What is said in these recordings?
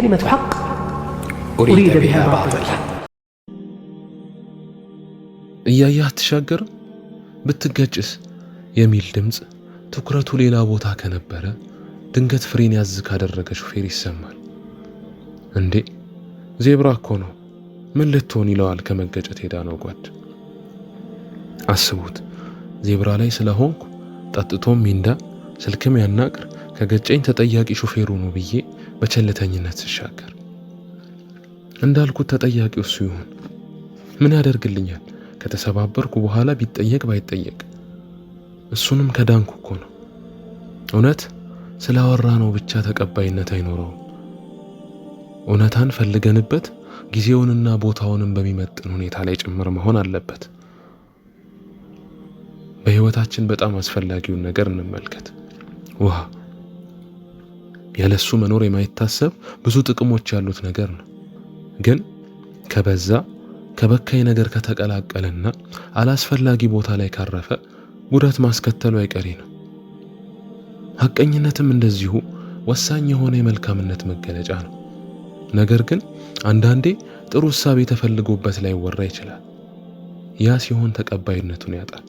ከሊመቱ ሐቅ ኡሪደ ቢሃ ባጢል እያየህ አትሻገርም ብትገጭስ የሚል ድምፅ ትኩረቱ ሌላ ቦታ ከነበረ ድንገት ፍሬን ያዝ ካደረገ ሹፌር ይሰማል። እንዴ ዜብራ እኮ ነው ምን ልትሆን ይለዋል። ከመገጨት ሄዳ ነው ጓድ አስቡት። ዜብራ ላይ ስለሆንኩ ጠጥቶም ሚንዳ ስልክም ያናቅር ከገጨኝ ተጠያቂ ሾፌሩ ነው ብዬ በቸልተኝነት ስሻገር እንዳልኩት ተጠያቂው እሱ ይሆን? ምን ያደርግልኛል? ከተሰባበርኩ በኋላ ቢጠየቅ ባይጠየቅ እሱንም ከዳንኩ እኮ ነው። እውነት ስላወራ ነው ብቻ ተቀባይነት አይኖረውም። እውነታን ፈልገንበት ጊዜውንና ቦታውንም በሚመጥን ሁኔታ ላይ ጭምር መሆን አለበት። በህይወታችን በጣም አስፈላጊውን ነገር እንመልከት። ውሃ ያለሱ መኖር የማይታሰብ ብዙ ጥቅሞች ያሉት ነገር ነው። ግን ከበዛ ከበካይ ነገር ከተቀላቀለና አላስፈላጊ ቦታ ላይ ካረፈ ጉዳት ማስከተሉ አይቀሬ ነው። ሐቀኝነትም እንደዚሁ ወሳኝ የሆነ የመልካምነት መገለጫ ነው። ነገር ግን አንዳንዴ ጥሩ እሳቤ ተፈልጎበት ላይወራ ይችላል። ያ ሲሆን ተቀባይነቱን ያጣል።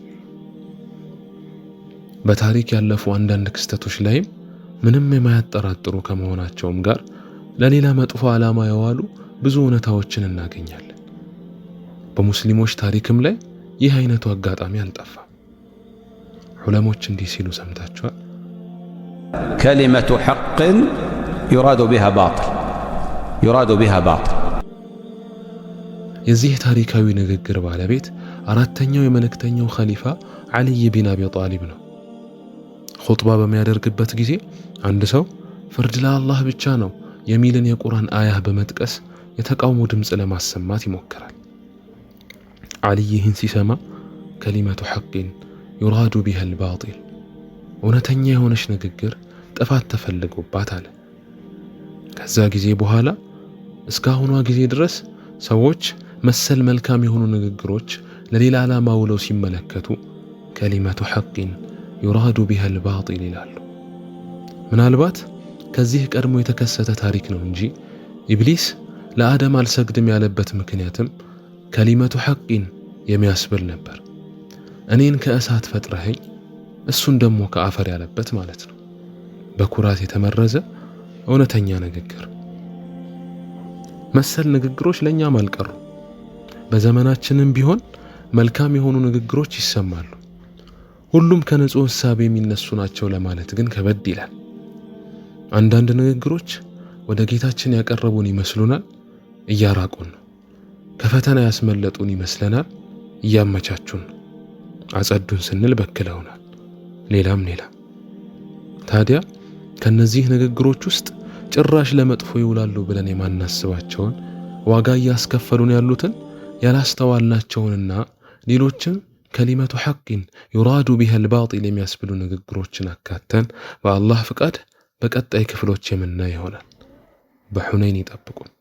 በታሪክ ያለፉ አንዳንድ ክስተቶች ላይም ምንም የማያጠራጥሩ ከመሆናቸውም ጋር ለሌላ መጥፎ ዓላማ የዋሉ ብዙ እውነታዎችን እናገኛለን። በሙስሊሞች ታሪክም ላይ ይህ አይነቱ አጋጣሚ አንጠፋ። ዑለሞች እንዲህ ሲሉ ሰምታችኋል። ከሊመቱ ሐቅን ዩራዱ ቢሃ ባጢል ዩራዱ ቢሃ ባጢል። የዚህ ታሪካዊ ንግግር ባለቤት አራተኛው የመልእክተኛው ኸሊፋ ዓልይ ቢን አቢ ጣሊብ ነው። ኹጥባ በሚያደርግበት ጊዜ አንድ ሰው ፍርድ ለአላህ ብቻ ነው የሚልን የቁርአን አያህ በመጥቀስ የተቃውሞ ድምፅ ለማሰማት ይሞክራል። ዓሊ ይህን ሲሰማ ከሊመቱ ሐቅን ዩራዱ ቢሃ ልባጢል እውነተኛ የሆነች ንግግር ጥፋት ተፈልጎባት አለ። ከዛ ጊዜ በኋላ እስካሁኗ ጊዜ ድረስ ሰዎች መሰል መልካም የሆኑ ንግግሮች ለሌላ ዓላማ ውለው ሲመለከቱ ከሊመቱ ሐቅን ዩራዱ ቢሃል ባጢል ይላሉ። ምናልባት ከዚህ ቀድሞ የተከሰተ ታሪክ ነው እንጂ ኢብሊስ ለአደም አልሰግድም ያለበት ምክንያትም ከሊመቱ ሐቂን የሚያስብል ነበር። እኔን ከእሳት ፈጥረኸኝ እሱን ደግሞ ከአፈር ያለበት ማለት ነው። በኩራት የተመረዘ እውነተኛ ንግግር። መሰል ንግግሮች ለእኛም አልቀሩ። በዘመናችንም ቢሆን መልካም የሆኑ ንግግሮች ይሰማሉ። ሁሉም ከንጹህ ሐሳብ የሚነሱ ናቸው ለማለት ግን ከበድ ይላል። አንዳንድ ንግግሮች ወደ ጌታችን ያቀረቡን ይመስሉናል፣ እያራቁን ነው። ከፈተና ያስመለጡን ይመስለናል፣ እያመቻቹን ነው። አጸዱን ስንል በክለውናል። ሌላም ሌላ። ታዲያ ከነዚህ ንግግሮች ውስጥ ጭራሽ ለመጥፎ ይውላሉ ብለን የማናስባቸውን ዋጋ እያስከፈሉን ያሉትን ያላስተዋልናቸውንና ሌሎችም ከሊመቱ ሐቅን ዩራዱ ቢሃል ባጢል የሚያስብሉ ንግግሮችን አካተን በአላህ ፍቃድ በቀጣይ ክፍሎች የምናይ ይሆናል። በሑነይን ይጠብቁን።